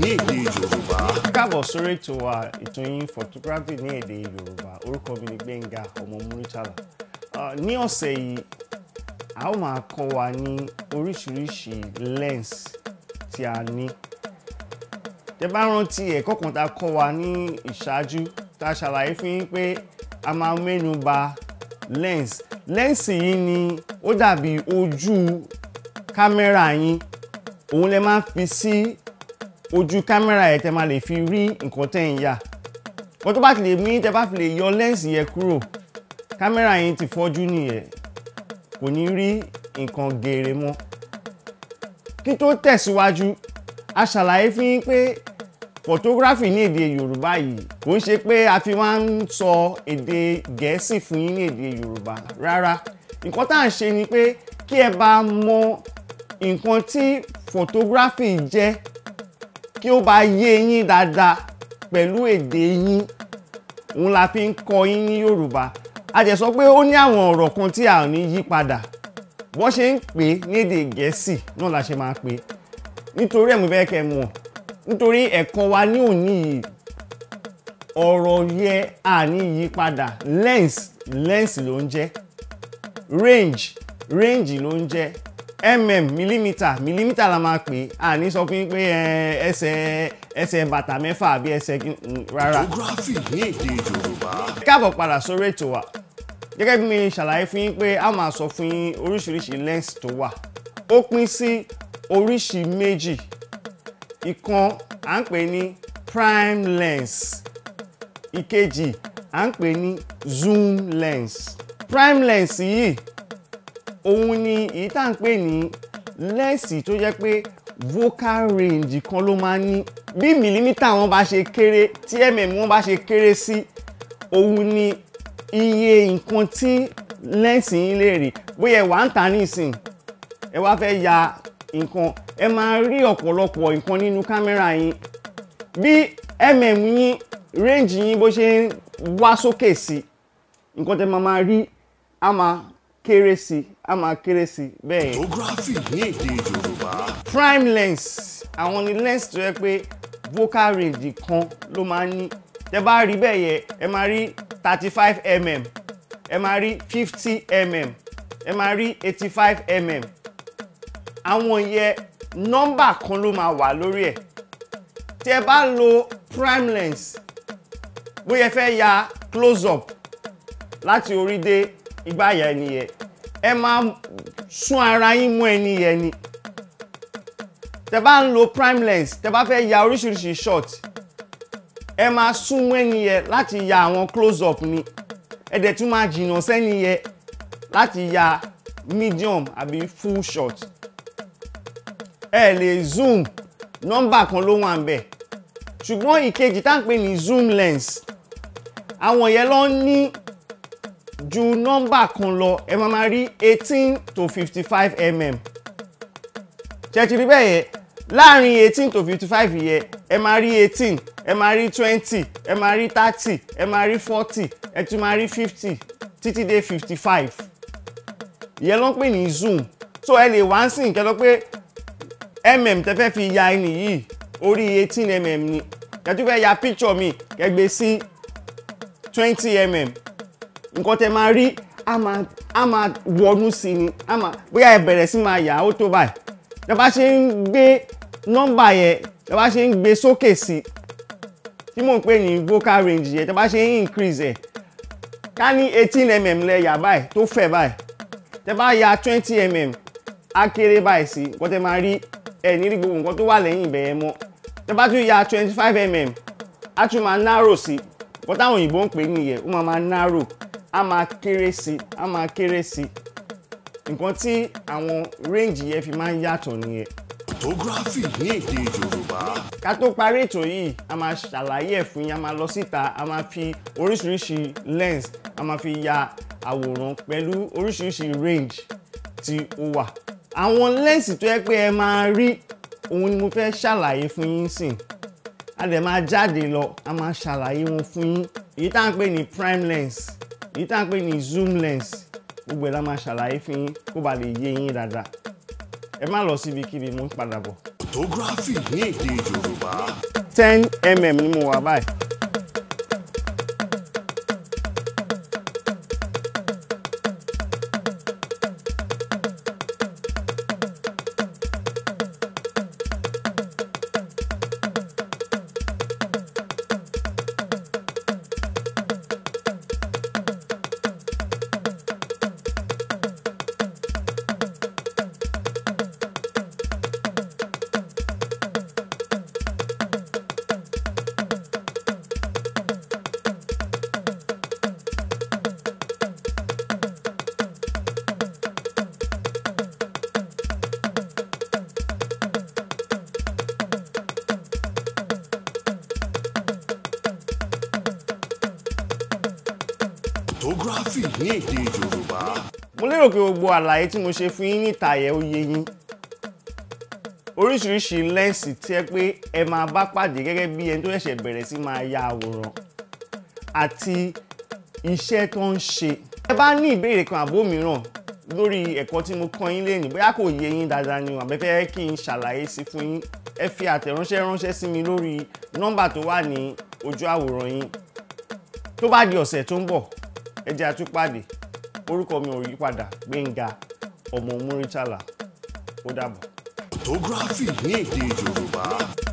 ní èdè Yorùbá. káàbọ̀ sórí ètò wa ètò yín photography ní èdè Yorùbá orúkọ mi ni Gbẹ́ngà ọmọ Muritala ní ọ̀sẹ̀ yìí a ó máa kọ́ wa ní oríṣiríṣi lens tí a ní tẹ bá rántí ẹ̀kọ́ kan tá a kọ́ wa ní ìṣáájú tá a ṣàlàyé fún yín pé a máa mẹ́nu bà lens lens yìí ni ó dàbí ojú kámẹ́rà yín òun lè máa fi sí ojú kámẹ́rà ẹ̀ tẹ́ máa lè fi rí nǹkan tẹ́ ń yà wọ́n tó bá ti lè mú yín tẹ́ bá fi lè yọ lẹ́ǹsì yẹn kúrò kámẹ́rà yín ti fọ́jú nìyẹn kò ní rí nǹkan geere mọ́ kí tó tẹ̀síwájú a ṣàlàyé fún yín pé photography ní èdè yorùbá yìí kò ń ṣe pé a fi máa ń sọ èdè gẹ̀ẹ́sì fún yín ní èdè yorùbá rárá nǹkan tá à ń ṣe ni pé kí ẹ bá mọ nǹkan tí photography jẹ́ kí ó bá yé yín dáadáa pẹ̀lú èdè yín òun la fi ń kọ yín ní Yorùbá a jẹ́ sọ pé ó ní àwọn ọ̀rọ̀ kan tí a ò ní yí padà bọ́n ṣe ń pè ní èdè Gẹ̀ẹ́sì náà la ṣe máa pè é nítorí ẹ̀mú bẹ́ẹ̀ kẹ́ mọ̀ wa ní òní yìí ọ̀rọ̀ yẹ yí padà lens lens ló ń range range ló ń mm mílímítà mílímítà la máa pè á ní sọ fún yín pé ẹsẹ̀ ẹsẹ̀ bàtà mẹ́fà àbí ẹsẹ̀ mm, rárá. geography ní èdè yorùbá. káàbọ̀ padà sórí ètò wa gẹ́gẹ́ bí mi ṣàlàyé fún yín pé a máa sọ fún yín oríṣiríṣi lens tó wà ó pín sí oríṣi méjì ìkan à ń pè ní prime lens ìkejì à ń pè ní zoom lens prime lens yìí òun ni èyí tá à ń pè ní lẹ́ẹ̀sì tó jẹ́ pé vocal range kan ló máa ń ní bí mìlímítà wọn bá ṣe kéré tí mm wọn bá ṣe kéré sí òun ni iye nǹkan tí lẹ́ẹ̀sì yín lè rí bóyá ẹ wà ń tà nísìn ẹ wá fẹ́ ya nǹkan ẹ máa rí ọ̀pọ̀lọpọ̀ nǹkan nínú kámẹ́rà yín bí mm yín range yín bó ṣe ń wá sókè sí nǹkan tẹ́ máa máa rí á máa kéré sí i á máa kéré sí i bẹ́ẹ̀ yẹn. ní èdè yorùbá. prime lens àwọn ni lens tó yẹ pé vocal range kan ló máa ń ní tẹ bá rí bẹ́ẹ̀ yẹn ẹ máa rí thirty five mm ẹ máa rí fifty mm ẹ máa rí eighty five mm àwọn yẹn nọ́mbà kan ló máa wà lórí ẹ̀ tí ẹ bá lo prime lens bóyá ẹ fẹ́ ya close up láti orí dé ìgbàyà ẹni yẹn ẹ máa sún ara yín mú ẹni yẹn ni tẹ bá ń lo prime lens tẹ bá fẹ́ ya oríṣiríṣi shot ẹ máa sún mú ẹni yẹn láti ya àwọn close up ni ẹ dẹ̀ tún máa jìnnà sẹ́ni yẹn láti ya medium àbí full shot ẹ lè zoom nọ́mbà kan ló wà ń bẹ̀ ṣùgbọ́n ìkejì tá à ń pè ní zoom lens àwọn yẹn ló ń ní ju nọ́mbà kan lọ ẹ máa máa rí eighteen to fifty five mm ṣẹ́tìrí bẹ́ẹ̀ yẹn láàrin eighteen to fifty five yẹn ẹ máa rí eighteen ẹ máa rí twenty ẹ máa rí thirty ẹ máa rí forty ẹ tún máa rí fifty títí dé fifty five ìyẹn ló ń pè ní zoom so ẹ lè wá sí nǹkan lọ pé mm tẹ fẹ́ fi ya ẹni yìí orí eighteen mm ni ẹ tún fẹ́ ya picture mi kẹgbẹ́ sí twenty mm nǹkan tẹ máa rí a máa wọnú sí ni a máa bóyá ẹ bẹ̀rẹ̀ sí máa yà ó tó báyìí tẹ bá ṣe ń gbé nọ́mbà yẹn tẹ bá ṣe ń gbé sókè sí tí mò ń pè ní vocal range yẹn tẹ bá ṣe ń increase ẹ̀ ká ní eighteen mm lẹ yà báyìí tó fẹ̀ báyìí tẹ bá ya twenty mm á kéré báyìí sí nǹkan tẹ máa rí ẹ ní rí gbogbo nǹkan tó wà lẹ́yìn ibẹ̀ yẹn mọ́ tẹ bá tún ya twenty five mm á tún máa narrow sí nǹkan táwọn òyìnbó ń pè nìyẹn ó máa máa narrow á máa kéré sí i á máa kéré sí nǹkan tí àwọn range yẹn fi máa ń yàtọ̀ nìyẹn. photography ní èdè Yorùbá. ká tó parí ètò yìí a máa ṣàlàyé ẹ̀ fún yín a máa lọ síta a máa fi oríṣiríṣi lens a máa fi ya àwòrán pẹ̀lú oríṣiríṣi range tí ó wà. àwọn lẹ́ǹsì tó yẹ pé ẹ máa rí òun ni mo fẹ́ ṣàlàyé fún yín sìn a dẹ̀ máa jáde lọ a máa ṣàlàyé wọn fún yín èyí tá à ń pè ní prime lens èyí tá à ń pè ní zoom lens gbogbo ẹ̀ la máa ṣàlàyé fún yín kó ba lè yé yín dáadáa ẹ má lọ síbikíbi mú padà bọ̀. photography ní èdè Yorùbá. ten mm ni mo wà báyìí kọ́fì ní èdè Yorùbá. mo lérò pé gbogbo àlàyé tí mo ṣe fún yín níta yẹ ó yé yín oríṣiríṣi lẹ́ǹsì tí ẹ pé ẹ máa bá pàdé gẹ́gẹ́ bí ẹni tó ṣẹ̀ṣẹ̀ bẹ̀rẹ̀ sí máa ya àwòrán àti iṣẹ́ tó ń ṣe. ẹ bá ní ìbéèrè kan àbó mìíràn lórí ẹ̀kọ́ tí mo kọ́ yín lénìí bóyá kò yé yín dáadáa ni àbẹ́ fẹ́ kí n ṣàlàyé sí fún yín ẹ fi àtẹ̀ránṣẹ́ ránṣẹ́ sí mi lórí nọ́mbà tó wà ní ojú àwòrán yín tó bá di ọ̀sẹ̀ tó ń bọ̀ ẹ jẹ́ àtúpàdé orúkọ mi ò yí padà Gbénga ọmọ Múrítàlá ó dàbọ̀. photography ní èdè Yorùbá.